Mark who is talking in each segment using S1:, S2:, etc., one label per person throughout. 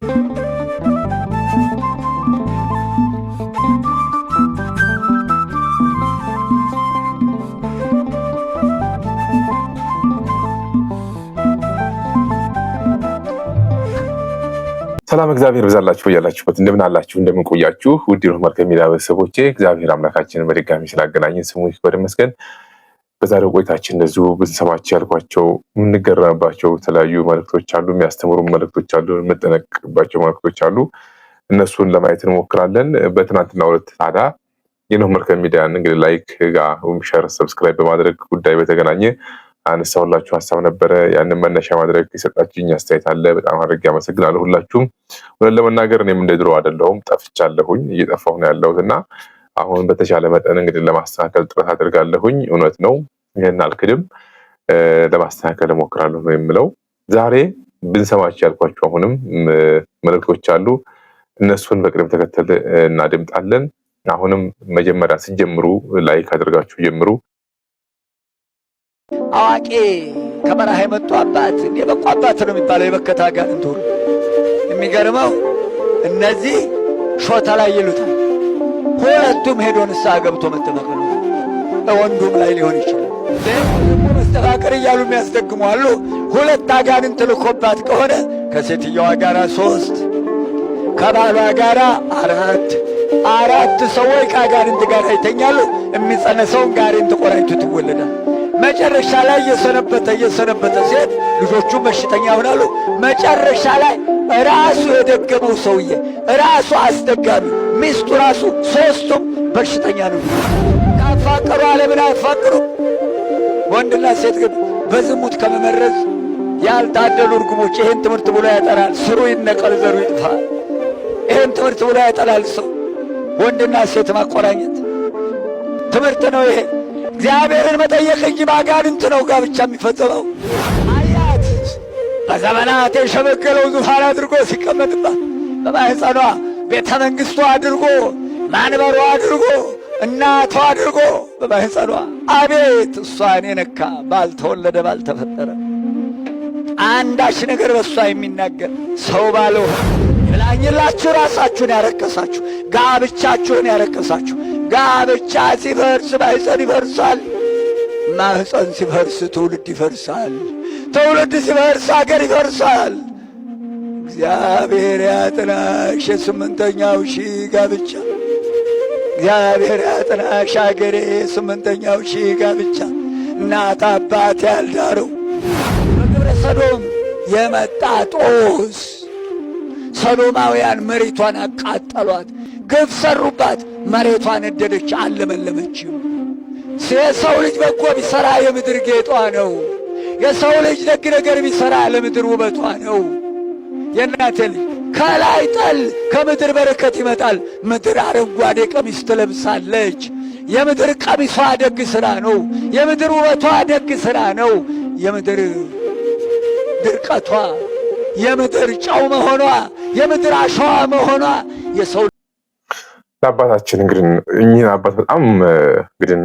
S1: ሰላም እግዚአብሔር ብዛላችሁ እያላችሁበት እንደምን አላችሁ እንደምን ቆያችሁ? ውድ ሮህ መርከብ ሚዲያ ቤተሰቦቼ እግዚአብሔር አምላካችንን በድጋሚ ስላገናኘን ስሙ ይክበር ይመስገን። በዛሬው ቆይታችን እነዚሁ ብንሰማቸው ያልኳቸው የምንገረምባቸው የተለያዩ መልክቶች አሉ፣ የሚያስተምሩ መልክቶች አሉ፣ የምንጠነቅባቸው መልክቶች አሉ። እነሱን ለማየት እንሞክራለን። በትናንትና ሁለት ታዲያ የኖህ መርከብ ሚዲያን እንግዲህ ላይክ ጋ ሸር ሰብስክራይብ በማድረግ ጉዳይ በተገናኘ አነሳሁላችሁ ሀሳብ ነበረ። ያንን መነሻ ማድረግ የሰጣችሁኝ አስተያየት አለ። በጣም አድርጌ አመሰግናለሁ ሁላችሁም። እውነት ለመናገር እኔም እንደድሮ አይደለሁም፣ ጠፍቻለሁኝ፣ እየጠፋሁ ነው ያለሁት እና አሁን በተሻለ መጠን እንግዲህ ለማስተካከል ጥረት አድርጋለሁኝ። እውነት ነው፣ ይህን አልክድም። ለማስተካከል እሞክራለሁ ነው የምለው። ዛሬ ብንሰማቸው ያልኳቸው አሁንም መልእክቶች አሉ። እነሱን በቅደም ተከተል እናድምጣለን። አሁንም መጀመሪያ ስጀምሩ ላይክ አድርጋችሁ ጀምሩ።
S2: አዋቂ ከበረሃ የመጡ አባት የበቁ አባት ነው የሚባለው የበከታ ጋር የሚገርመው እነዚህ ሾታ ላይ ይሉታል ሁለቱም ሄዶ ንስሐ ገብቶ መጠመቅ ነው። ወንዱም ላይ ሊሆን ይችላል። መስተፋቅር እያሉ የሚያስደግሙ አሉ። ሁለት አጋንንት ልኮባት ከሆነ ከሴትየዋ ጋር ሶስት ከባሏ ጋር አራት አራት ሰዎች ከአጋንንት ጋር ይተኛሉ። የሚጸነሰውን ጋሪን ተቆራኝቶ ትወለዳል። መጨረሻ ላይ እየሰነበተ እየሰነበተ ሴት ልጆቹ በሽተኛ ይሆናሉ። መጨረሻ ላይ ራሱ የደገመው ሰውዬ ራሱ አስደጋሚ ሚስቱ ራሱ ሶስቱ በሽተኛ ነው። ያፋቀሩ ዓለምን አይፋቅሩ። ወንድና ሴት ግን በዝሙት ከመመረዝ ያልታደሉ እርጉሞች። ይህን ትምህርት ብሎ ያጠላል። ስሩ ይነቀል፣ ዘሩ ይጥፋ። ይህን ትምህርት ብሎ ያጠላል ሰው ወንድና ሴት ማቆራኘት ትምህርት ነው። ይሄ እግዚአብሔርን መጠየቅ እንጂ ማጋንንት ነው ጋብቻ የሚፈጸመው። አያት በዘመናት የሸመገለው ዙፋን አድርጎ ሲቀመጥባት በማህፀኗ ቤተ መንግሥቱ አድርጎ ማንበሩ አድርጎ እናቷ አድርጎ በማኅፀኗ አቤት እሷን የነካ ባልተወለደ ባልተፈጠረ አንዳች ነገር በእሷ የሚናገር ሰው ባለው ይብላኝላችሁ። ራሳችሁን ያረከሳችሁ ጋብቻችሁን ያረከሳችሁ ጋብቻ ሲፈርስ ማህፀን ይፈርሳል። ማህፀን ሲፈርስ ትውልድ ይፈርሳል። ትውልድ ሲፈርስ አገር ይፈርሳል። እግዚአብሔር ያጥናሽ የስምንተኛው ሺ ጋብቻ እግዚአብሔር ያጥናሽ አገሬ የስምንተኛው ሺ ጋብቻ እናት አባት ያልዳረው በግብረ ሰዶም የመጣ ጦስ ሰዶማውያን መሬቷን አቃጠሏት። ግብ ሰሩባት። መሬቷን እደደች፣ አለመለመችም። የሰው ልጅ በጎ ቢሠራ የምድር ጌጧ ነው። የሰው ልጅ ደግ ነገር ቢሠራ ለምድር ውበቷ ነው። የእናቴ ልጅ ከላይ ጠል ከምድር በረከት ይመጣል። ምድር አረንጓዴ ቀሚስ ትለብሳለች። የምድር ቀሚሷ ደግ ሥራ ነው። የምድር ውበቷ ደግ ሥራ ነው። የምድር ድርቀቷ፣ የምድር ጨው መሆኗ፣ የምድር አሸዋ መሆኗ የሰው
S1: ለአባታችን እንግዲህ እኚህን አባት በጣም እንግዲህ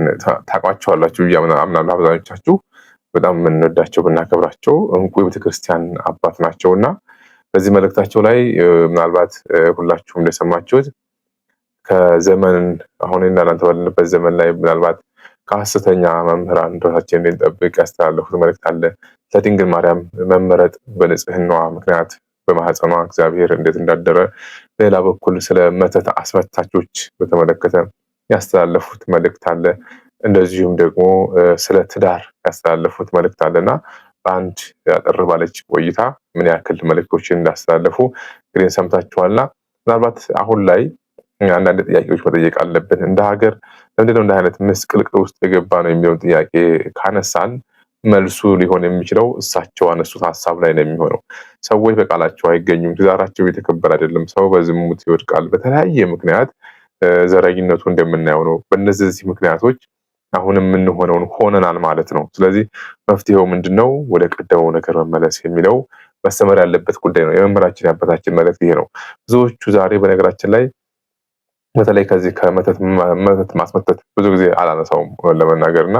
S1: ታውቋቸዋላችሁ ብዬ አምናለሁ። አብዛኞቻችሁ በጣም የምንወዳቸው ብናከብራቸው እንቁ የቤተክርስቲያን አባት ናቸው እና በዚህ መልእክታቸው ላይ ምናልባት ሁላችሁም እንደሰማችሁት ከዘመን አሁን እናንተ ባለንበት ዘመን ላይ ምናልባት ከሀሰተኛ መምህራን ራሳችን እንድንጠብቅ ያስተላለፉት መልእክት አለ። ለድንግል ማርያም መመረጥ በንጽህናዋ ምክንያት በማህፀኗ እግዚአብሔር እንዴት እንዳደረ፣ በሌላ በኩል ስለ መተት አስመታቾች በተመለከተ ያስተላለፉት መልእክት አለ። እንደዚሁም ደግሞ ስለ ትዳር ያስተላለፉት መልእክት እና በአንድ አጠር ባለች ቆይታ ምን ያክል መልእክቶችን እንዳስተላለፉ እንግዲህ ሰምታችኋልና ምናልባት አሁን ላይ አንዳንድ ጥያቄዎች መጠየቅ አለብን። እንደ ሀገር ለምንድነው እንደ አይነት ምስቅልቅል ውስጥ የገባ ነው የሚለውን ጥያቄ ካነሳን መልሱ ሊሆን የሚችለው እሳቸው አነሱት ሀሳብ ላይ ነው የሚሆነው። ሰዎች በቃላቸው አይገኙም፣ ትዳራቸው የተከበረ አይደለም፣ ሰው በዝሙት ይወድቃል። በተለያየ ምክንያት ዘረኝነቱ እንደምናየው ነው። በነዚህ ምክንያቶች አሁንም የምንሆነውን ሆነናል ማለት ነው። ስለዚህ መፍትሄው ምንድን ነው? ወደ ቀደመው ነገር መመለስ የሚለው መሰመር ያለበት ጉዳይ ነው። የመምህራችን የአባታችን መልእክት ይሄ ነው። ብዙዎቹ ዛሬ በነገራችን ላይ በተለይ ከዚህ ከመተት ማስመተት ብዙ ጊዜ አላነሳውም ለመናገር እና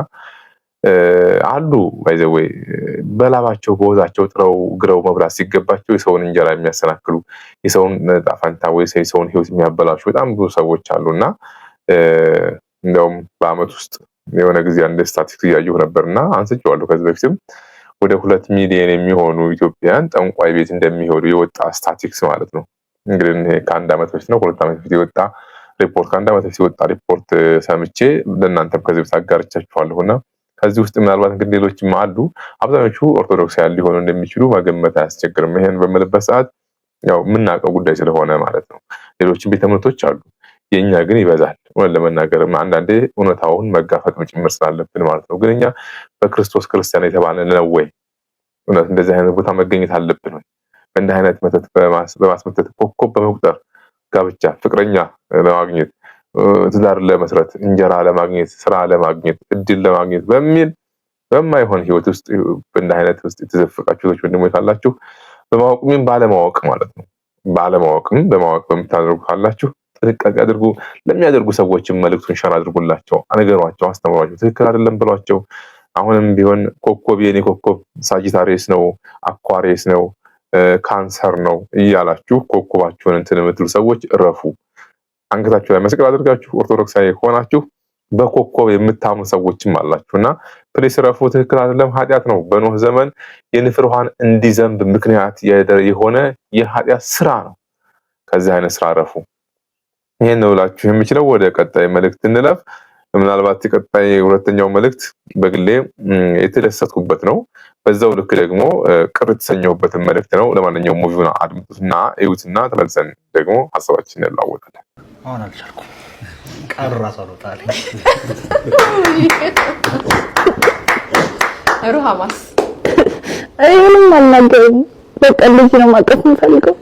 S1: አሉ ይዘወይ በላባቸው በወዛቸው ጥረው ግረው መብላት ሲገባቸው የሰውን እንጀራ የሚያሰናክሉ የሰውን ጣፋንታ ወይ የሰውን ሕይወት የሚያበላሹ በጣም ብዙ ሰዎች አሉ እና እንደውም በአመት ውስጥ የሆነ ጊዜ አንድ ስታቲስቲክ እያየሁ ነበርና አንስቼዋለሁ ከዚህ በፊትም ወደ ሁለት ሚሊዮን የሚሆኑ ኢትዮጵያውያን ጠንቋይ ቤት እንደሚሄዱ የወጣ ስታቲክስ ማለት ነው። እንግዲህ ከአንድ ዓመት በፊት ነው ሁለት ዓመት በፊት የወጣ ሪፖርት ከአንድ ዓመት በፊት የወጣ ሪፖርት ሰምቼ ለእናንተም ከዚህ በፊት አጋርቻችኋለሁ እና ከዚህ ውስጥ ምናልባት እንግዲህ ሌሎችም አሉ። አብዛኞቹ ኦርቶዶክሳውያን ሊሆኑ እንደሚችሉ መገመት አያስቸግርም። ይሄን በምልበት ሰዓት ያው የምናውቀው ጉዳይ ስለሆነ ማለት ነው። ሌሎችም ቤተ እምነቶች አሉ የእኛ ግን ይበዛል። ሆነ ለመናገርም አንዳንዴ እውነታውን መጋፈጥ ጭምር ስላለብን ማለት ነው። ግን እኛ በክርስቶስ ክርስቲያን የተባለ ነው ወይ? እውነት እንደዚህ አይነት ቦታ መገኘት አለብን ወይ? በእንዲህ አይነት መተት በማስመተት ኮከብ በመቁጠር ጋብቻ፣ ፍቅረኛ ለማግኘት ትዳር ለመስረት፣ እንጀራ ለማግኘት፣ ስራ ለማግኘት፣ እድል ለማግኘት በሚል በማይሆን ህይወት ውስጥ በእንዲህ አይነት ውስጥ የተዘፈቃችሁ ሰዎች ወንድሞ ካላችሁ በማወቅም ባለማወቅ ማለት ነው ባለማወቅም በማወቅ በምታደርጉ ካላችሁ ጥንቃቄ አድርጉ። ለሚያደርጉ ሰዎችም መልእክቱን ሸር አድርጉላቸው፣ ነገሯቸው፣ አስተምሯቸው። ትክክል አይደለም ብሏቸው። አሁንም ቢሆን ኮከብ የኔ ኮከብ ሳጂታሪየስ ነው፣ አኳሪየስ ነው፣ ካንሰር ነው እያላችሁ ኮከባችሁን እንትን የምትሉ ሰዎች እረፉ። አንገታችሁ ላይ መስቀል አድርጋችሁ ኦርቶዶክሳዊ ሆናችሁ በኮከብ የምታምኑ ሰዎችም አላችሁ እና ፕሌስ ረፉ። ትክክል አይደለም፣ ኃጢአት ነው። በኖህ ዘመን የንፍር ውሃን እንዲዘንብ ምክንያት የሆነ የኃጢአት ስራ ነው። ከዚህ አይነት ስራ ረፉ። ይሄን ነው ላችሁ የምችለው። ወደ ቀጣይ መልእክት እንለፍ። ምናልባት የቀጣይ ሁለተኛው መልእክት በግሌ የተደሰትኩበት ነው። በዛው ልክ ደግሞ ቅር የተሰኘሁበትን መልእክት ነው። ለማንኛውም ሙቪውን አድምጡትና እዩትና ተመልሰን ደግሞ ሀሳባችን እንለዋወጣለን።
S3: አሁን አልቻልኩም። ቀር ራሱ አልወጣልኝ።
S4: ሩሃማስ
S5: ምንም አልናገርም። በቃ ነው ማቀፍ የምፈልገው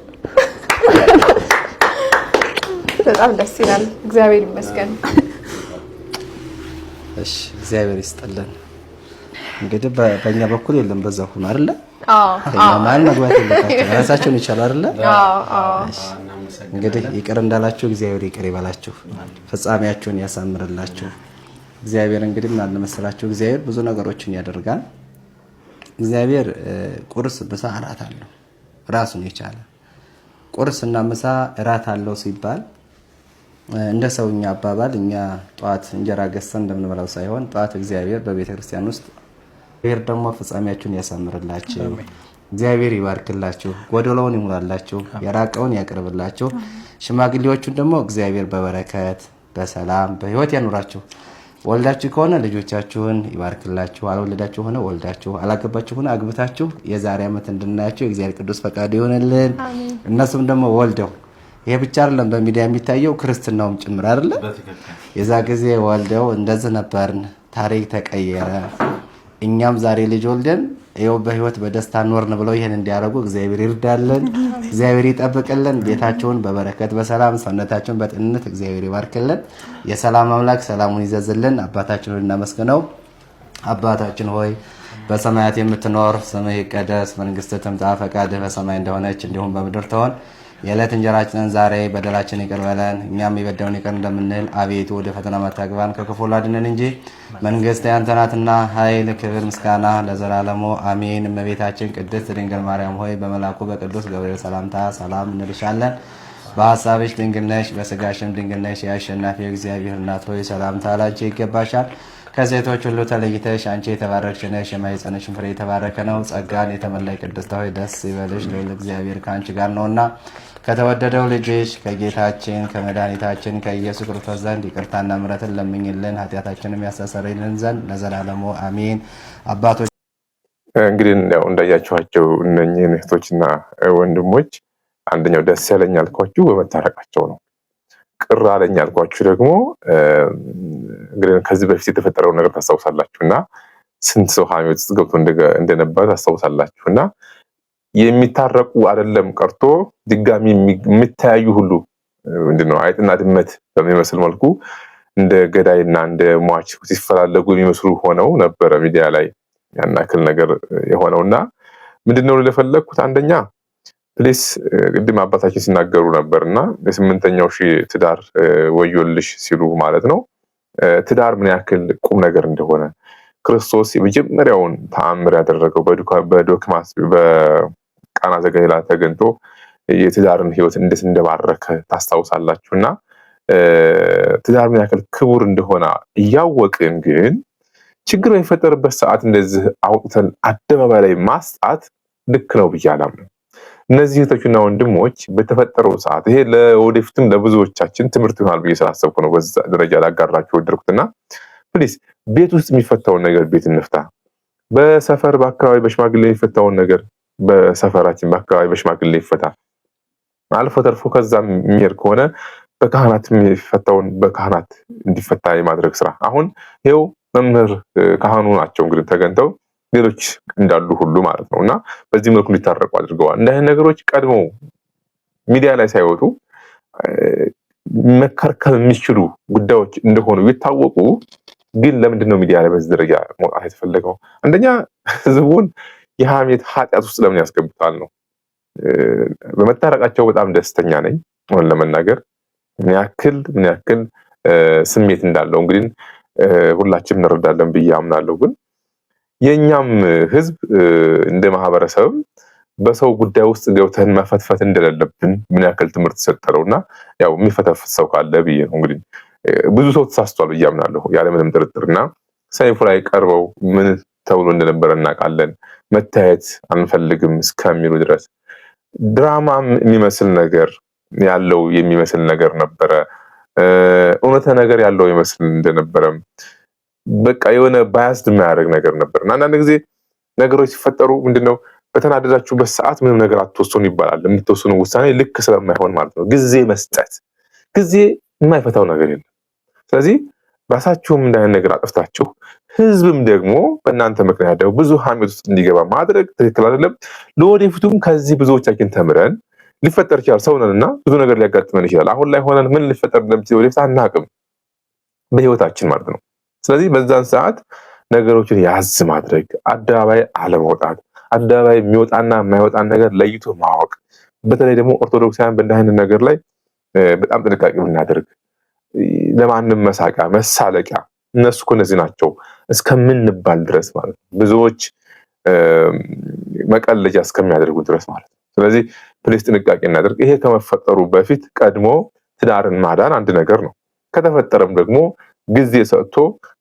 S5: በጣም ደስ ይላል። እግዚአብሔር ይመስገን።
S3: እሺ፣ እግዚአብሔር ይስጥልን። እንግዲህ በእኛ በኩል የለም፣ በዛ ሁኑ አይደለ? አዎ፣ አዎ። ማለት መግባት የለባቸውም ራሳቸውን ይቻሉ አይደለ? አዎ፣ አዎ። እንግዲህ ይቅር እንዳላችሁ እግዚአብሔር ይቅር ይበላችሁ፣ ፍጻሜያችሁን ያሳምርላችሁ። እግዚአብሔር እንግዲህ ምን አለ እግዚአብሔር ብዙ ነገሮችን ያደርጋል። እግዚአብሔር ቁርስ፣ ምሳ፣ እራት አለው ራሱን የቻለ ቁርስና ምሳ እራት አለው ሲባል እንደ ሰውኛ አባባል እኛ ጠዋት እንጀራ ገሰ እንደምንበላው ሳይሆን ጠዋት እግዚአብሔር በቤተ ክርስቲያን ውስጥ ብሔር ደግሞ ፍጻሜያችሁን ያሳምርላችሁ፣ እግዚአብሔር ይባርክላችሁ፣ ጎደሎውን ይሙላላችሁ፣ የራቀውን ያቅርብላችሁ፣ ሽማግሌዎቹን ደግሞ እግዚአብሔር በበረከት በሰላም በህይወት ያኑራችሁ። ወልዳችሁ ከሆነ ልጆቻችሁን ይባርክላችሁ። አልወለዳችሁ ሆነ ወልዳችሁ፣ አላገባችሁ ሆነ አግብታችሁ የዛሬ ዓመት እንድናያቸው የእግዚአብሔር ቅዱስ ፈቃዱ ይሆንልን። እነሱም ደግሞ ወልደው ይሄ ብቻ አይደለም፣ በሚዲያ የሚታየው ክርስትናውም ጭምር አይደለ? የዛ ጊዜ ወልደው እንደዚህ ነበርን፣ ታሪክ ተቀየረ፣ እኛም ዛሬ ልጅ ወልደን ይኸው በህይወት በደስታ ኖርን ብለው ይህን እንዲያደርጉ እግዚአብሔር ይርዳለን፣ እግዚአብሔር ይጠብቅልን፣ ቤታቸውን በበረከት በሰላም ሰውነታቸውን በጤንነት እግዚአብሔር ይባርክልን። የሰላም አምላክ ሰላሙን ይዘዝልን። አባታችን እናመስግነው። አባታችን ሆይ በሰማያት የምትኖር ስምህ ይቀደስ፣ መንግስት ትምጣ፣ ፈቃድህ በሰማይ እንደሆነች እንዲሁም በምድር ትሆን የዕለት እንጀራችንን ዛሬ በደላችን ይቅር በለን እኛም የበደሉንን ይቅር እንደምንል፣ አቤቱ ወደ ፈተና መታግባን ከክፉ አድነን እንጂ መንግስት ያንተ ናትና፣ ኃይል፣ ክብር፣ ምስጋና ለዘላለሙ አሜን። እመቤታችን ቅድስት ድንግል ማርያም ሆይ በመላኩ በቅዱስ ገብርኤል ሰላምታ ሰላም እንልሻለን። በሀሳብሽ ድንግል ነሽ፣ በስጋሽም ድንግል ነሽ። የአሸናፊ እግዚአብሔር እናት ሆይ ሰላምታ ላንቺ ይገባሻል። ከሴቶች ሁሉ ተለይተሽ አንቺ የተባረክሽ ነሽ፣ የማኅፀንሽን ፍሬ የተባረከ ነው። ጸጋን የተመላይ ቅድስት ሆይ ደስ ይበልሽ፣ ልዑል እግዚአብሔር ከአንቺ ጋር ነውና ከተወደደው ልጅሽ ከጌታችን ከመድኃኒታችን ከኢየሱስ ክርስቶስ ዘንድ ይቅርታና ምሕረትን ለምኝልን ኃጢአታችንም ያስተሰርይልን ዘንድ ለዘላለሙ አሜን። አባቶች
S1: እንግዲህ ያው እንዳያችኋቸው እነኝህን እህቶችና ወንድሞች አንደኛው ደስ ያለኝ ያልኳችሁ በመታረቃቸው ነው። ቅር አለኝ ያልኳችሁ ደግሞ እንግዲህ ከዚህ በፊት የተፈጠረውን ነገር ታስታውሳላችሁ እና ስንት ሰው ሐሜት ውስጥ ገብቶ እንደነበረ ታስታውሳላችሁ እና የሚታረቁ አይደለም ቀርቶ ድጋሚ የሚተያዩ ሁሉ ምንድነው አይጥና ድመት በሚመስል መልኩ እንደ እና እንደ ሟች ሲፈላለጉ የሚመስሉ ሆነው ነበረ ሚዲያ ላይ ያናክል ነገር እና ምንድነው ለፈለግኩት አንደኛ ፕሌስ ቅድም አባታችን ሲናገሩ ነበር እና የስምንተኛው ሺ ትዳር ወዮልሽ ሲሉ ማለት ነው። ትዳር ምን ያክል ቁም ነገር እንደሆነ ክርስቶስ የመጀመሪያውን ተአምር ያደረገው በዶክማስ በቃና ዘገሊላ ተገኝቶ የትዳርን ህይወት እንዴት እንደባረከ ታስታውሳላችሁ። እና ትዳር ምን ያክል ክቡር እንደሆነ እያወቅን ግን ችግር በሚፈጠርበት ሰዓት እንደዚህ አውጥተን አደባባይ ላይ ማስጣት ልክ ነው ብዬ አላምንም። እነዚህ እህቶችና ወንድሞች በተፈጠረው ሰዓት ይሄ ለወደፊትም ለብዙዎቻችን ትምህርት ይሆናል ብዬ ስላሰብኩ ነው በዛ ደረጃ ላጋራችሁ ወደድኩትና፣ ፕሊስ ቤት ውስጥ የሚፈታውን ነገር ቤት እንፍታ። በሰፈር በአካባቢ በሽማግሌ የሚፈታውን ነገር በሰፈራችን በአካባቢ በሽማግሌ ይፈታ። አልፎ ተርፎ ከዛም የሚሄድ ከሆነ በካህናት የሚፈታውን በካህናት እንዲፈታ የማድረግ ስራ አሁን ይኸው መምህር ካህኑ ናቸው እንግዲህ ተገንተው ሌሎች እንዳሉ ሁሉ ማለት ነው። እና በዚህ መልኩ እንዲታረቁ አድርገዋል። እንደህን ነገሮች ቀድሞ ሚዲያ ላይ ሳይወጡ መከርከም የሚችሉ ጉዳዮች እንደሆኑ ይታወቁ። ግን ለምንድን ነው ሚዲያ ላይ በዚህ ደረጃ መውጣት የተፈለገው? አንደኛ ህዝቡን የሀሜት ኃጢአት ውስጥ ለምን ያስገብታል ነው። በመታረቃቸው በጣም ደስተኛ ነኝ። ሆን ለመናገር ምን ያክል ምን ያክል ስሜት እንዳለው እንግዲህ ሁላችንም እንረዳለን ብዬ አምናለሁ ግን የእኛም ህዝብ እንደ ማህበረሰብ በሰው ጉዳይ ውስጥ ገብተን መፈትፈት እንደሌለብን ምን ያክል ትምህርት ሰጠነው እና ያው የሚፈተፍት ሰው ካለ ብዬ ነው እንግዲህ ብዙ ሰው ተሳስቷል ብዬ አምናለሁ ያለምንም ጥርጥር እና ሰይፉ ላይ ቀርበው ምን ተብሎ እንደነበረ እናውቃለን መታየት አንፈልግም እስከሚሉ ድረስ ድራማ የሚመስል ነገር ያለው የሚመስል ነገር ነበረ እውነተ ነገር ያለው ይመስል እንደነበረም በቃ የሆነ ባያስድ የማያደርግ ነገር ነበር እና አንዳንድ ጊዜ ነገሮች ሲፈጠሩ ምንድነው በተናደዳችሁበት ሰዓት ምንም ነገር አትወስኑ ይባላል። የምትወስኑ ውሳኔ ልክ ስለማይሆን ማለት ነው። ጊዜ መስጠት፣ ጊዜ የማይፈታው ነገር የለም። ስለዚህ ራሳችሁም እንዳይነት ነገር አጥፍታችሁ ህዝብም ደግሞ በእናንተ ምክንያት ደግሞ ብዙ ሀሜት ውስጥ እንዲገባ ማድረግ ትክክል አይደለም። ለወደፊቱም ከዚህ ብዙዎቻችን ተምረን ሊፈጠር ይችላል። ሰው ነን እና ብዙ ነገር ሊያጋጥመን ይችላል። አሁን ላይ ሆነን ምን ሊፈጠር እንደሚችል ወደፊት አናውቅም፣ በህይወታችን ማለት ነው። ስለዚህ በዛን ሰዓት ነገሮችን ያዝ ማድረግ፣ አደባባይ አለመውጣት፣ አደባባይ የሚወጣና የማይወጣን ነገር ለይቶ ማወቅ፣ በተለይ ደግሞ ኦርቶዶክሳውያን በእንዲህ አይነት ነገር ላይ በጣም ጥንቃቄ ብናደርግ፣ ለማንም መሳቂያ መሳለቂያ እነሱ እኮ እነዚህ ናቸው እስከምንባል ድረስ ማለት ነው። ብዙዎች መቀለጃ እስከሚያደርጉ ድረስ ማለት ነው። ስለዚህ ፕሌስ ጥንቃቄ እናደርግ። ይሄ ከመፈጠሩ በፊት ቀድሞ ትዳርን ማዳን አንድ ነገር ነው። ከተፈጠረም ደግሞ ጊዜ ሰጥቶ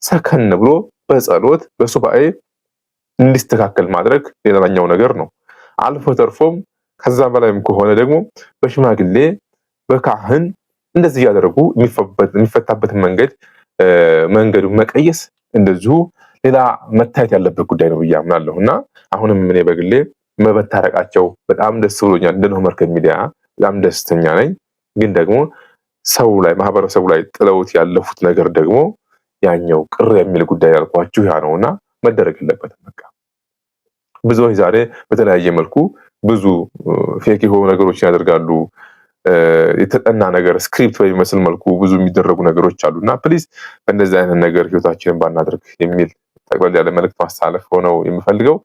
S1: ሰከን ብሎ በጸሎት በሱባኤ እንዲስተካከል ማድረግ ሌላኛው ነገር ነው። አልፎ ተርፎም ከዛ በላይም ከሆነ ደግሞ በሽማግሌ በካህን እንደዚህ እያደረጉ የሚፈታበትን መንገድ መንገዱን መቀየስ እንደዚሁ ሌላ መታየት ያለበት ጉዳይ ነው ብዬ አምናለሁ እና አሁንም እኔ በግሌ መበታረቃቸው በጣም ደስ ብሎኛል። እንደ ኖህ መርከብ ሚዲያ በጣም ደስተኛ ነኝ። ግን ደግሞ ሰው ላይ ማህበረሰቡ ላይ ጥለውት ያለፉት ነገር ደግሞ ያኛው ቅር የሚል ጉዳይ ያልኳችሁ ያ እና መደረግ የለበትም። በቃ ብዙዎች ዛሬ በተለያየ መልኩ ብዙ ፌክ የሆኑ ነገሮችን ያደርጋሉ። የተጠና ነገር ስክሪፕት በሚመስል መልኩ ብዙ የሚደረጉ ነገሮች አሉ እና ፕሊዝ በእንደዚህ አይነት ነገር ህይወታችንን ባናደርግ የሚል ጠቅለል ያለ መልእክት ማሳለፍ ሆነው የምፈልገው።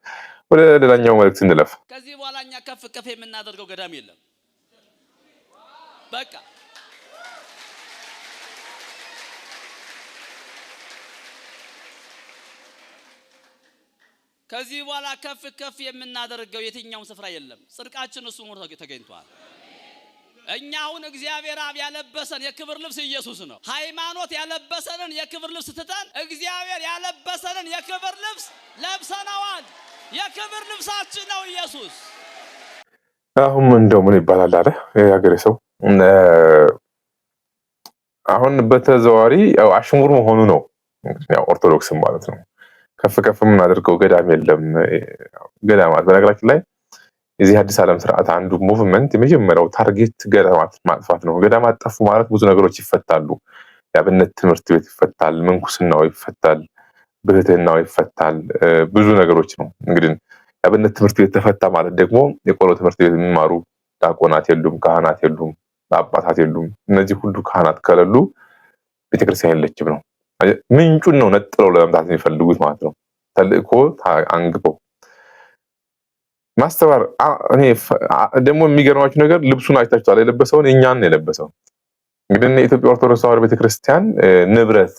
S1: ወደ ሌላኛው መልእክት እንለፍ።
S6: ከዚህ በኋላ እኛ ከፍ ከፍ የምናደርገው ገዳም የለም በቃ ከዚህ በኋላ ከፍ ከፍ የምናደርገው የትኛውም ስፍራ የለም። ጽድቃችን እሱ ሆኖ ተገኝቷል። እኛ አሁን እግዚአብሔር አብ ያለበሰን የክብር ልብስ ኢየሱስ ነው። ሃይማኖት ያለበሰንን የክብር ልብስ ትተን እግዚአብሔር ያለበሰንን የክብር ልብስ ለብሰነዋል። የክብር ልብሳችን ነው ኢየሱስ።
S1: አሁን እንደው ምን ይባላል አለ የሀገሬ ሰው። አሁን በተዘዋዋሪ አሽሙር መሆኑ ነው ኦርቶዶክስም ማለት ነው ከፍ ከፍ የምናደርገው ገዳም የለም። ገዳማት በነገራችን ላይ የዚህ አዲስ ዓለም ስርዓት አንዱ ሙቭመንት የመጀመሪያው ታርጌት ገዳማት ማጥፋት ነው። ገዳማት ጠፉ ማለት ብዙ ነገሮች ይፈታሉ። የአብነት ትምህርት ቤት ይፈታል፣ ምንኩስናው ይፈታል፣ ብህትናው ይፈታል። ብዙ ነገሮች ነው እንግዲህ የአብነት ትምህርት ቤት ተፈታ ማለት ደግሞ የቆሎ ትምህርት ቤት የሚማሩ ዲያቆናት የሉም፣ ካህናት የሉም፣ አባታት የሉም። እነዚህ ሁሉ ካህናት ከሌሉ ቤተክርስቲያን የለችም ነው። ምንጩን ነው ነጥለው ለመምታት የሚፈልጉት ማለት ነው። ተልእኮ አንግበው ማስተባር ደግሞ የሚገርማችሁ ነገር ልብሱን አይታችኋል። የለበሰውን እኛን የለበሰው እንግዲህ የኢትዮጵያ ኦርቶዶክስ ተዋህዶ ቤተክርስቲያን ንብረት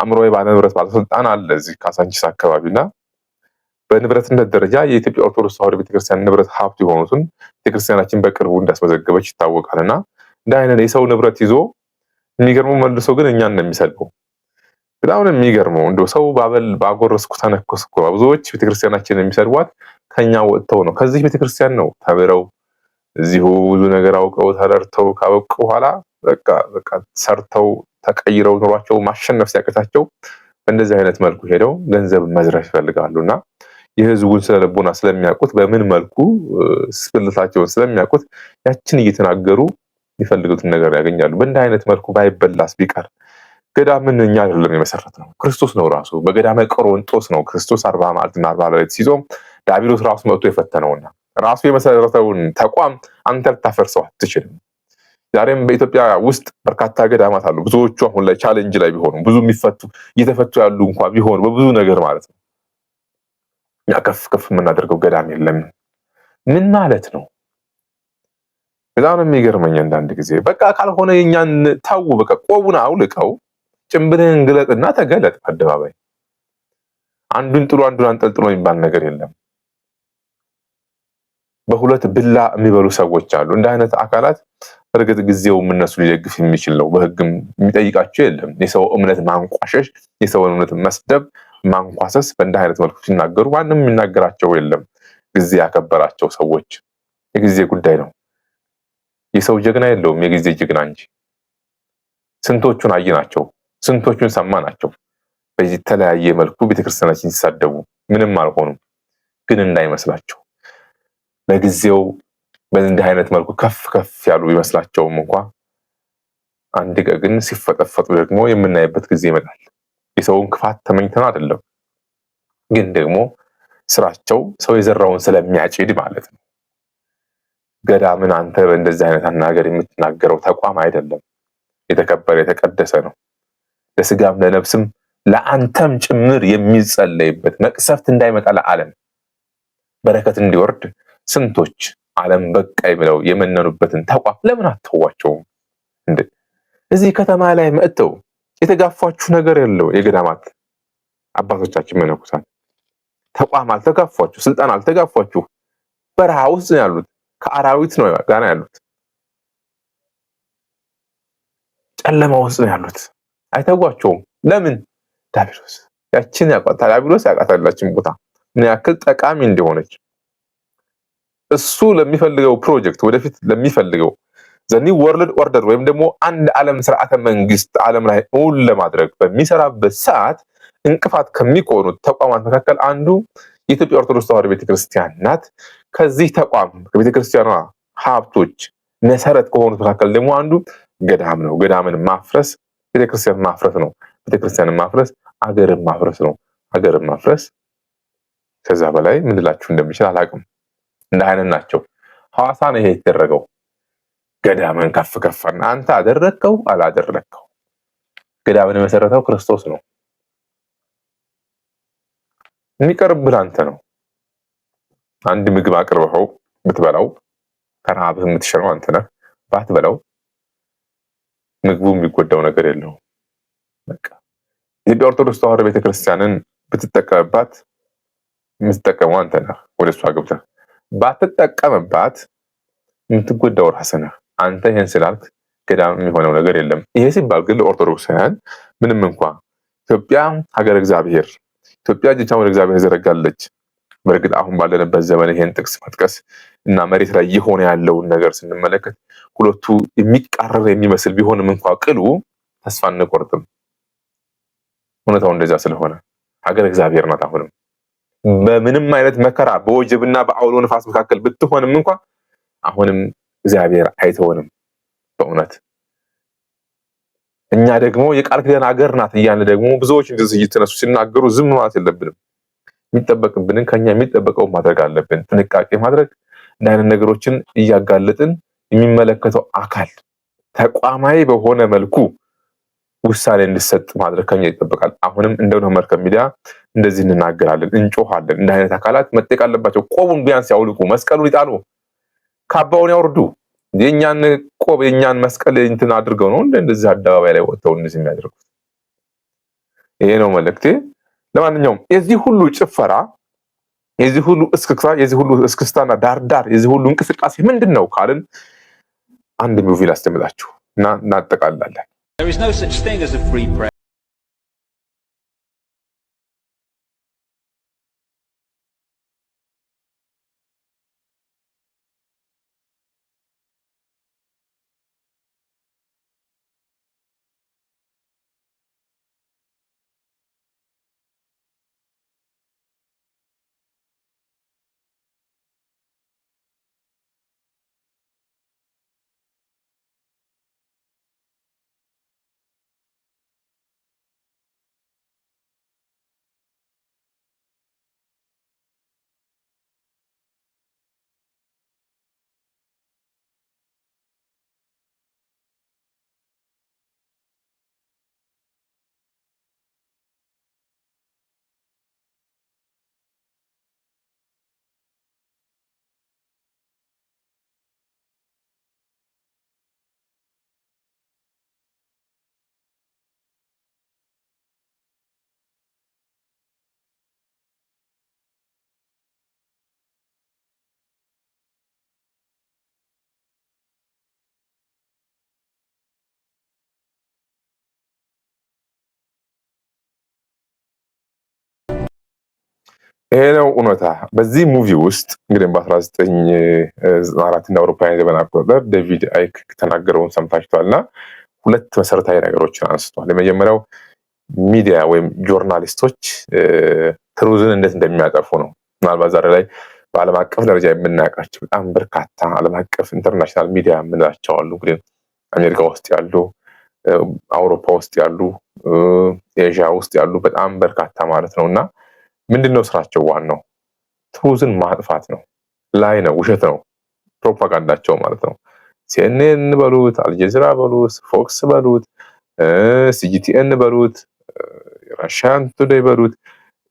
S1: አእምሯዊ ባለ ንብረት ባለስልጣን አለ እዚህ ካሳንቺስ አካባቢ እና በንብረትነት ደረጃ የኢትዮጵያ ኦርቶዶክስ ተዋህዶ ቤተክርስቲያን ንብረት ሀብት የሆኑትን ቤተክርስቲያናችን በቅርቡ እንዳስመዘገበች ይታወቃል። እና እንደ አይነት የሰው ንብረት ይዞ የሚገርመው መልሶ ግን እኛን ነው የሚሰልበው። በጣም ነው የሚገርመው። እንደ ሰው ባበል ባጎረስኩ ተነኮስኩ። ብዙዎች ቤተክርስቲያናችን የሚሰድቧት ከኛ ወጥተው ነው። ከዚህ ቤተክርስቲያን ነው ተምረው እዚሁ ብዙ ነገር አውቀው ተረድተው ካበቁ በኋላ በቃ በቃ ሰርተው ተቀይረው ኑሯቸው ማሸነፍ ሲያቅታቸው በእንደዚህ አይነት መልኩ ሄደው ገንዘብ መዝረፍ ይፈልጋሉ እና የህዝቡን ስለልቦና ስለሚያውቁት በምን መልኩ ስብልታቸውን ስለሚያውቁት ያችን እየተናገሩ የሚፈልጉትን ነገር ያገኛሉ። በእንደ አይነት መልኩ ባይበላስ ቢቀር ገዳምን እኛ አይደለም የመሰረት ነው ክርስቶስ ነው ራሱ። በገዳመ ቆሮንጦስ ነው ክርስቶስ አርባ መዓልትና አርባ ሌሊት ሲዞ ዳቢሎስ ራሱ መጥቶ የፈተነውና ራሱ የመሰረተውን ተቋም አንተ ልታፈርሰው አትችልም። ዛሬም በኢትዮጵያ ውስጥ በርካታ ገዳማት አሉ። ብዙዎቹ አሁን ላይ ቻሌንጅ ላይ ቢሆኑ ብዙ የሚፈቱ እየተፈቱ ያሉ እንኳ ቢሆኑ በብዙ ነገር ማለት ነው። እኛ ከፍ ከፍ የምናደርገው ገዳም የለም። ምን ማለት ነው? በጣም ነው የሚገርመኝ አንዳንድ ጊዜ በቃ ካልሆነ የኛን ታው በቃ ቆቡን አውልቀው ጭንብርህን ግለጥና ተገለጥ በአደባባይ። አንዱን ጥሎ አንዱን አንጠልጥሎ የሚባል ነገር የለም። በሁለት ብላ የሚበሉ ሰዎች አሉ። እንደ አይነት አካላት እርግጥ ጊዜው እነሱ ሊደግፍ የሚችል ነው። በህግም የሚጠይቃቸው የለም። የሰው እምነት ማንቋሸሽ፣ የሰውን እምነት መስደብ፣ ማንኳሰስ በእንደ አይነት መልኩ ሲናገሩ ማንም የሚናገራቸው የለም። ጊዜ ያከበራቸው ሰዎች የጊዜ ጉዳይ ነው። የሰው ጀግና የለውም የጊዜ ጀግና እንጂ። ስንቶቹን አየናቸው። ስንቶቹን ሰማ ናቸው። በዚህ የተለያየ መልኩ ቤተክርስቲያናችን ሲሳደቡ ምንም አልሆኑም። ግን እንዳይመስላቸው ለጊዜው በእንዲህ አይነት መልኩ ከፍ ከፍ ያሉ ይመስላቸውም እንኳ አንድ ቀን ግን ሲፈጠፈጡ ደግሞ የምናይበት ጊዜ ይመጣል። የሰውን ክፋት ተመኝተን አይደለም፣ ግን ደግሞ ስራቸው ሰው የዘራውን ስለሚያጭድ ማለት ነው። ገዳምን አንተ በእንደዚህ አይነት አናገር የምትናገረው ተቋም አይደለም፣ የተከበረ የተቀደሰ ነው። ለስጋም ለነብስም ለአንተም ጭምር የሚጸለይበት መቅሰፍት እንዳይመጣ ለዓለም በረከት እንዲወርድ ስንቶች ዓለም በቃ ብለው የመነኑበትን ተቋም ለምን አተዋቸውም እንዴ? እዚህ ከተማ ላይ መጥተው የተጋፏችሁ ነገር የለው። የገዳማት አባቶቻችን መነኩሳት ተቋም አልተጋፏችሁ፣ ስልጣን አልተጋፏችሁ። በረሃ ውስጥ ነው ያሉት፣ ከአራዊት ነው ጋና ያሉት፣ ጨለማ ውስጥ ነው ያሉት። አይተጓቸውም። ለምን? ዳቢሎስ ያችን ያውቃታል። ዳቢሎስ ያውቃታል ቦታ ምን ያክል ጠቃሚ እንደሆነች እሱ ለሚፈልገው ፕሮጀክት ወደፊት ለሚፈልገው ዘኒ ወርልድ ኦርደር ወይም ደግሞ አንድ ዓለም ስርዓተ መንግስት ዓለም ላይ እውን ለማድረግ በሚሰራበት ሰዓት እንቅፋት ከሚቆኑት ተቋማት መካከል አንዱ የኢትዮጵያ ኦርቶዶክስ ተዋሕዶ ቤተክርስቲያን ናት። ከዚህ ተቋም ከቤተክርስቲያኗ ሀብቶች መሰረት ከሆኑት መካከል ደግሞ አንዱ ገዳም ነው። ገዳምን ማፍረስ ቤተክርስቲያን ማፍረስ ነው። ቤተክርስቲያንን ማፍረስ አገርን ማፍረስ ነው። አገርን ማፍረስ ከዛ በላይ ምንላችሁ እንደሚችል አላቅም። እንደ አይነት ናቸው። ሐዋሳ ነው ይሄ የተደረገው። ገዳምን ከፍ ከፈን አንተ አደረግከው አላደረግከው። ገዳምን የመሰረተው ክርስቶስ ነው። የሚቀርብህ አንተ ነው። አንድ ምግብ አቅርበኸው ብትበላው ተራብህ የምትሽረው አንተ ነህ። ባትበላው ምግቡ የሚጎዳው ነገር የለውም። ኢትዮጵያ ኦርቶዶክስ ተዋህዶ ቤተክርስቲያንን ብትጠቀምባት የምትጠቀመው አንተ ነህ፣ ወደ እሷ ገብተህ ባትጠቀምባት የምትጎዳው ራስህ ነህ። አንተ ይህን ስላልክ ገዳም የሚሆነው ነገር የለም። ይሄ ሲባል ግን ለኦርቶዶክሳውያን ምንም እንኳ ኢትዮጵያ ሀገር እግዚአብሔር ኢትዮጵያ እጆቿን ወደ እግዚአብሔር ዘረጋለች በእርግጥ አሁን ባለንበት ዘመን ይሄን ጥቅስ መጥቀስ እና መሬት ላይ የሆነ ያለውን ነገር ስንመለከት ሁለቱ የሚቃረር የሚመስል ቢሆንም እንኳ ቅሉ ተስፋ አንቆርጥም። እውነታው እንደዛ ስለሆነ ሀገር እግዚአብሔር ናት። አሁንም በምንም አይነት መከራ በወጀብና በአውሎ ንፋስ መካከል ብትሆንም እንኳ አሁንም እግዚአብሔር አይተወንም። በእውነት እኛ ደግሞ የቃል ኪዳን ሀገር ናት እያለ ደግሞ ብዙዎች እንደዚህ እየተነሱ ሲናገሩ ዝም ማለት የለብንም። የሚጠበቅብንን ከኛ የሚጠበቀው ማድረግ አለብን። ጥንቃቄ ማድረግ እንዲህ አይነት ነገሮችን እያጋለጥን የሚመለከተው አካል ተቋማዊ በሆነ መልኩ ውሳኔ እንድሰጥ ማድረግ ከኛ ይጠበቃል። አሁንም እንደሆነ መርከ ሚዲያ እንደዚህ እንናገራለን፣ እንጮኋለን። እንደ አይነት አካላት መጠየቅ አለባቸው። ቆቡን ቢያንስ ያውልቁ፣ መስቀሉን ይጣሉ፣ ካባውን ያውርዱ። የእኛን ቆብ የእኛን መስቀል እንትን አድርገው ነው እንደዚህ አደባባይ ላይ ወጥተው እነዚህ የሚያደርጉት። ይሄ ነው መልእክቴ። ለማንኛውም የዚህ ሁሉ ጭፈራ የዚህ ሁሉ እስክስታ የዚህ ሁሉ እስክስታና ዳርዳር የዚህ ሁሉ እንቅስቃሴ ምንድን ነው ካልን አንድ ሙቪ ላስደምጣችሁ እና እናጠቃላለን። ይሄ ነው እውነታ። በዚህ ሙቪ ውስጥ እንግዲህም በ አራት እንደ አውሮፓውያን ዘመን አቆጣጠር ዴቪድ አይክ ተናገረውን ሰምታችኋል እና ሁለት መሰረታዊ ነገሮችን አንስቷል። የመጀመሪያው ሚዲያ ወይም ጆርናሊስቶች ትሩዝን እንዴት እንደሚያጠፉ ነው። ምናልባት ዛሬ ላይ በዓለም አቀፍ ደረጃ የምናውቃቸው በጣም በርካታ ዓለም አቀፍ ኢንተርናሽናል ሚዲያ የምንላቸው አሉ። እንግዲህ አሜሪካ ውስጥ ያሉ፣ አውሮፓ ውስጥ ያሉ፣ ኤዥያ ውስጥ ያሉ በጣም በርካታ ማለት ነው እና ምንድን ነው ስራቸው? ዋናው ትሩዝን ማጥፋት ነው። ላይ ነው፣ ውሸት ነው፣ ፕሮፓጋንዳቸው ማለት ነው። ሲኤንኤን በሉት፣ አልጀዚራ በሉት፣ ፎክስ በሉት፣ ሲጂቲኤን በሉት፣ ራሽያን ቱዴይ በሉት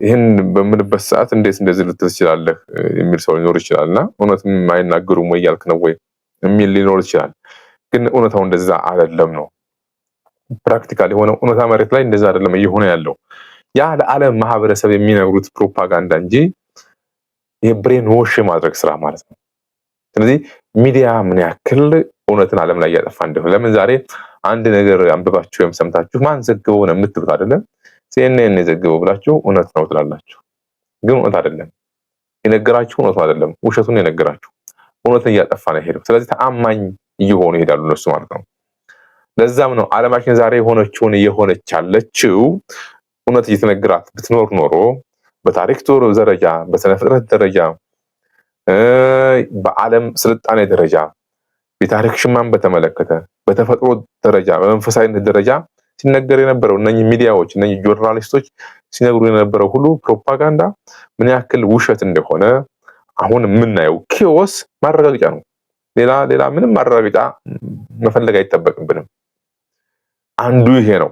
S1: ይህን በምንበት ሰዓት እንዴት እንደዚህ ልትል ትችላለህ የሚል ሰው ሊኖር ይችላል። እና እውነትም አይናገሩም ወይ ያልክ ነው ወይ የሚል ሊኖር ይችላል። ግን እውነታው እንደዛ አይደለም ነው ፕራክቲካል የሆነ እውነታ መሬት ላይ እንደዛ አይደለም እየሆነ ያለው ያ ለዓለም ማህበረሰብ የሚነግሩት ፕሮፓጋንዳ እንጂ የብሬን ዎሽ የማድረግ ስራ ማለት ነው። ስለዚህ ሚዲያ ምን ያክል እውነትን ዓለም ላይ እያጠፋ እንደሆነ ለምን ዛሬ አንድ ነገር አንብባችሁ ወይም ሰምታችሁ ማን ዘግበው ነው የምትሉት አይደለም። ሲኤንኤን የዘግበው ብላችሁ እውነት ነው ትላላችሁ፣ ግን እውነት አይደለም። የነገራችሁ እውነቱ አይደለም፣ ውሸቱን የነገራችሁ። እውነትን እያጠፋ ነው ሄደው። ስለዚህ ተአማኝ እየሆኑ ይሄዳሉ እነሱ ማለት ነው። ለዛም ነው አለማችን ዛሬ የሆነችውን እየሆነች ያለችው እውነት እየተነገራት ብትኖር ኖሮ በታሪክ ቶሮ ደረጃ በስነ ፍጥረት ደረጃ በዓለም ስልጣኔ ደረጃ የታሪክ ሽማን በተመለከተ በተፈጥሮ ደረጃ በመንፈሳዊነት ደረጃ ሲነገር የነበረው እነ ሚዲያዎች እነ ጆርናሊስቶች ሲነግሩ የነበረው ሁሉ ፕሮፓጋንዳ ምን ያክል ውሸት እንደሆነ አሁን የምናየው ኪዮስ ማረጋገጫ ነው። ሌላ ሌላ ምንም ማረጋገጫ መፈለግ አይጠበቅብንም። አንዱ ይሄ ነው።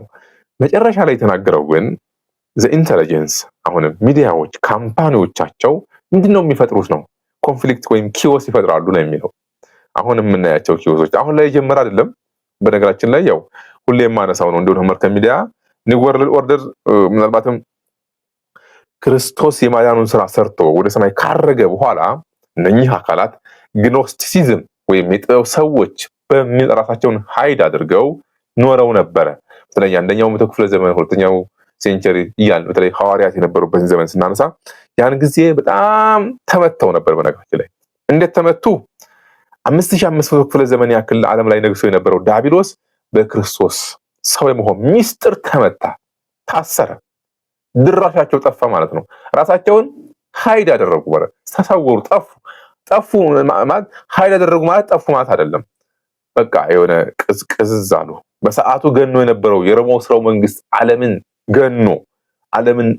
S1: መጨረሻ ላይ የተናገረው ግን ኢንተለጀንስ አሁንም ሚዲያዎች ካምፓኒዎቻቸው ምንድን ነው የሚፈጥሩት ነው ኮንፍሊክት ወይም ኪዮስ ይፈጥራሉ ነው የሚለው። አሁን የምናያቸው ኪዮሶች አሁን ላይ የጀመረ አይደለም። በነገራችን ላይ ያው ሁሌ የማነሳው ነው እንዲሁ መርከ ሚዲያ ኒው ወርልድ ኦርደር ምናልባትም ክርስቶስ የማዳኑን ስራ ሰርቶ ወደ ሰማይ ካረገ በኋላ እነኚህ አካላት ግኖስቲሲዝም ወይም የጥበብ ሰዎች በሚል ራሳቸውን ሀይድ አድርገው ኖረው ነበረ። በተለይ አንደኛው መቶ ክፍለ ዘመን ሁለተኛው ሴንቸሪ እያል በተለይ ሐዋርያት የነበሩበትን ዘመን ስናነሳ ያን ጊዜ በጣም ተመተው ነበር። በነገራችን ላይ እንዴት ተመቱ? አምስት ሺህ አምስት መቶ ክፍለ ዘመን ያክል ዓለም ላይ ነግሶ የነበረው ዳቢሎስ በክርስቶስ ሰው የመሆን ሚስጥር ተመታ፣ ታሰረ፣ ድራሻቸው ጠፋ ማለት ነው። ራሳቸውን ሀይድ ያደረጉ ማለት ተሰወሩ፣ ጠፉ። ጠፉ ማለት ሀይድ ያደረጉ ማለት ጠፉ ማለት አይደለም። በቃ የሆነ ቅዝቅዝዝ አሉ። በሰዓቱ ገኖ የነበረው የሮማ ስርወ መንግስት ዓለምን ገኖ ዓለምን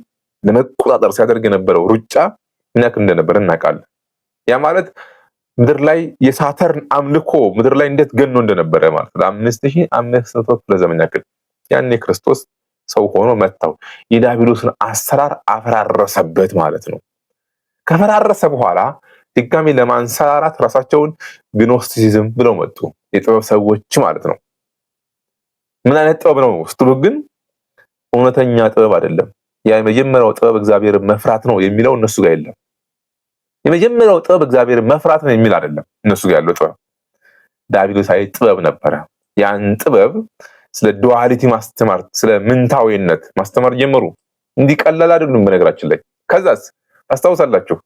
S1: ለመቆጣጠር ሲያደርግ የነበረው ሩጫ ምን ያክል እንደነበረ እናውቃለን። ያ ማለት ምድር ላይ የሳተርን አምልኮ ምድር ላይ እንዴት ገኖ እንደነበረ ማለት ለአምስት ሺህ አምስት መቶ ክፍለ ዘመን ያክል ያኔ ክርስቶስ ሰው ሆኖ መጥተው የዳቢሎስን አሰራር አፈራረሰበት ማለት ነው። ከፈራረሰ በኋላ ድጋሚ ለማንሰራራት ራሳቸውን ግኖስቲሲዝም ብለው መጡ። የጥበብ ሰዎች ማለት ነው። ምን አይነት ጥበብ ነው ስትሉ ግን እውነተኛ ጥበብ አይደለም። ያ የመጀመሪያው ጥበብ እግዚአብሔር መፍራት ነው የሚለው እነሱ ጋር የለም። የመጀመሪያው ጥበብ እግዚአብሔር መፍራት ነው የሚል አይደለም እነሱ ጋር ያለው ጥበብ። ዳቢሎሳዊ ጥበብ ነበረ። ያን ጥበብ ስለ ዱዋሊቲ ማስተማር፣ ስለ ምንታዊነት ማስተማር ጀመሩ። እንዲቀላል አይደሉም። በነገራችን ላይ ከዛስ ታስታውሳላችሁ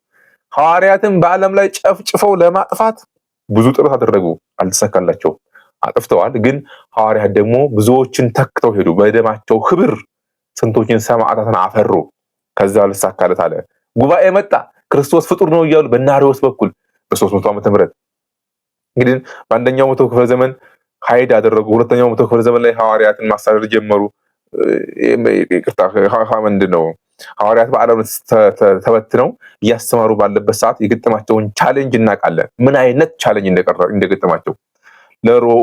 S1: ሐዋርያትን በዓለም ላይ ጨፍጭፈው ለማጥፋት ብዙ ጥረት አደረጉ፣ አልተሳካላቸው፣ አጥፍተዋል። ግን ሐዋርያት ደግሞ ብዙዎችን ተክተው ሄዱ። በደማቸው ክብር ስንቶችን ሰማዕታትን አፈሩ። ከዛ ልሳካለት አለ። ጉባኤ መጣ። ክርስቶስ ፍጡር ነው እያሉ በናሪዎስ በኩል በሶስት መቶ ዓመተ ምህረት እንግዲህ በአንደኛው መቶ ክፍለ ዘመን ሀይድ አደረጉ። ሁለተኛው መቶ ክፍለ ዘመን ላይ ሐዋርያትን ማሳደር ጀመሩ። ይቅርታ ምንድን ነው ሐዋርያት በዓለም ተበትነው እያስተማሩ ባለበት ሰዓት የገጠማቸውን ቻሌንጅ እናውቃለን። ምን አይነት ቻሌንጅ እንደገጠማቸው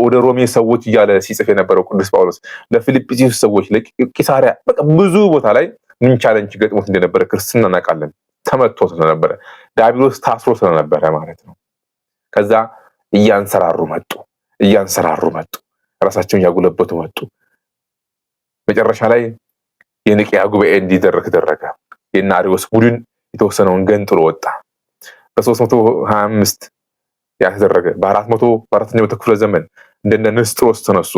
S1: ወደ ሮሜ ሰዎች እያለ ሲጽፍ የነበረው ቅዱስ ጳውሎስ ለፊልጵስዩስ ሰዎች፣ ለቂሳሪያ በቃ ብዙ ቦታ ላይ ምን ቻለንጅ ገጥሞት እንደነበረ ክርስትና እናውቃለን። ተመቶ ስለነበረ ዲያብሎስ ታስሮ ስለነበረ ማለት ነው። ከዛ እያንሰራሩ መጡ፣ እያንሰራሩ መጡ፣ ራሳቸውን እያጎለበቱ መጡ። መጨረሻ ላይ የንቅያ ጉባኤ እንዲደረግ ተደረገ። የናሪዎስ ቡድን የተወሰነውን ገንጥሎ ወጣ በ በ325 ያደረገ በአራት መቶ በአራተኛው መቶ ክፍለ ዘመን እንደነ ንስጥሮስ ተነሱ።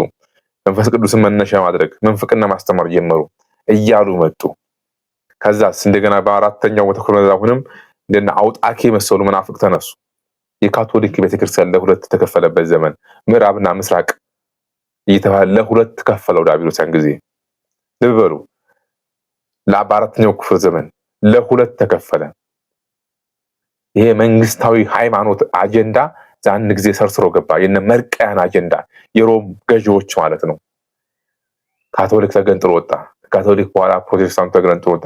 S1: መንፈስ ቅዱስን መነሻ ማድረግ መንፍቅና ማስተማር ጀመሩ እያሉ መጡ። ከዛስ እንደገና በአራተኛው መቶ ክፍለ ዘመን አሁንም እንደነ አውጣኬ መሰሉ መናፍቅ ተነሱ። የካቶሊክ ቤተክርስቲያን ለሁለት ተከፈለበት ዘመን ምዕራብና ምስራቅ እየተባለ ለሁለት ተከፈለው ዲያብሎስ ጊዜ ልብ በሉ። በአራተኛው ክፍለ ዘመን ለሁለት ተከፈለ። ይሄ መንግስታዊ ሃይማኖት አጀንዳ ዛን ጊዜ ሰርስሮ ገባ። የነ መርቀያን አጀንዳ የሮም ገዢዎች ማለት ነው። ካቶሊክ ተገንጥሎ ወጣ። ከካቶሊክ በኋላ ፕሮቴስታንቱ ተገንጥሎ ወጣ።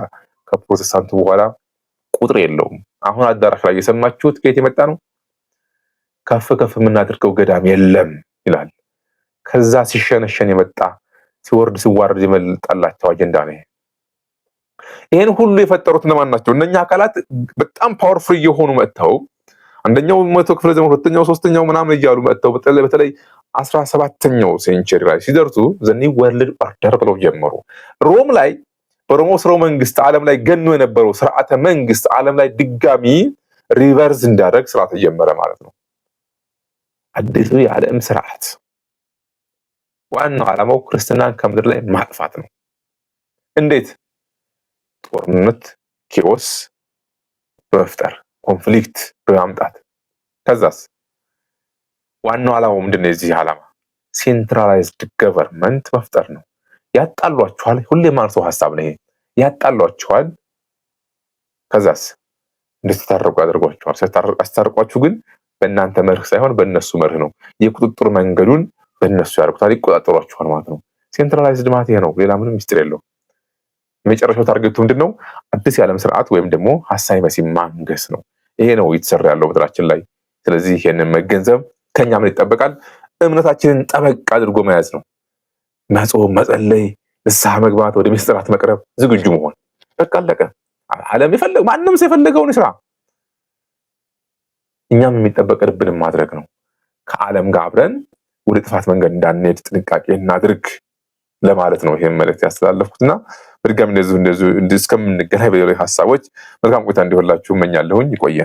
S1: ከፕሮቴስታንቱ በኋላ ቁጥር የለውም። አሁን አዳራሽ ላይ የሰማችሁት ከየት የመጣ ነው? ከፍ ከፍ የምናደርገው ገዳም የለም ይላል። ከዛ ሲሸነሸን የመጣ ሲወርድ ሲዋረድ የመጣላቸው አጀንዳ ነው። ይህን ሁሉ የፈጠሩት እነማን ናቸው? እነኛ አካላት በጣም ፓወርፉል እየሆኑ መጥተው አንደኛው መቶ ክፍለ ዘመን ሁለተኛው ሶስተኛው ምናምን እያሉ መጥተው በተለይ አስራ ሰባተኛው ሴንቸሪ ላይ ሲደርሱ ዘኒ ወርልድ ኦርደር ብለው ጀመሩ። ሮም ላይ በሮሞ ስርወ መንግስት ዓለም ላይ ገኖ የነበረው ስርዓተ መንግስት ዓለም ላይ ድጋሚ ሪቨርዝ እንዳደረግ ስራ ተጀመረ ማለት ነው። አዲሱ የዓለም ስርዓት ዋናው ዓላማው ክርስትናን ከምድር ላይ ማጥፋት ነው። እንዴት ጦርነት ኪኦስ በመፍጠር ኮንፍሊክት በማምጣት ከዛስ ዋናው ዓላማው ምንድነው የዚህ ዓላማ ሴንትራላይዝድ ገቨርንመንት መፍጠር ነው። ያጣሏችኋል። ሁሌ ማርሰው ሀሳብ ነው ይሄ። ያጣሏችኋል። ከዛስ እንድትታረቁ ያደርጓችኋል። አስታርቋችሁ ግን በእናንተ መርህ ሳይሆን በእነሱ መርህ ነው። የቁጥጥር መንገዱን በእነሱ ያደርጉታል፣ ይቆጣጠሯችኋል ማለት ነው። ሴንትራላይዝድ ማለት ይሄ ነው። ሌላ ምንም ሚስጥር የለው። የመጨረሻው ታርጌቱ ምንድን ነው? አዲስ የዓለም ስርዓት ወይም ደግሞ ሀሳዊ መሲ ማንገስ ነው። ይሄ ነው እየተሰራ ያለው ምድራችን ላይ። ስለዚህ ይሄንን መገንዘብ ከኛ ምን ይጠበቃል? እምነታችንን ጠበቅ አድርጎ መያዝ ነው። መጾም፣ መጸለይ፣ ንስሐ መግባት፣ ወደ ምስጢራት መቅረብ፣ ዝግጁ መሆን። በቃ አለቀ። ዓለም የፈለገ ማንም ሰው የፈለገውን ስራ እኛም የሚጠበቅብንም ማድረግ ነው። ከዓለም ጋር አብረን ወደ ጥፋት መንገድ እንዳንሄድ ጥንቃቄ እናድርግ። ለማለት ነው ይህም መልእክት ያስተላለፍኩት እና በድጋሚ እንደዚሁ እንደዚሁ እስከምንገናኝ በሌሎች ሀሳቦች መልካም ቆይታ እንዲሆንላችሁ እመኛለሁኝ። ይቆየን።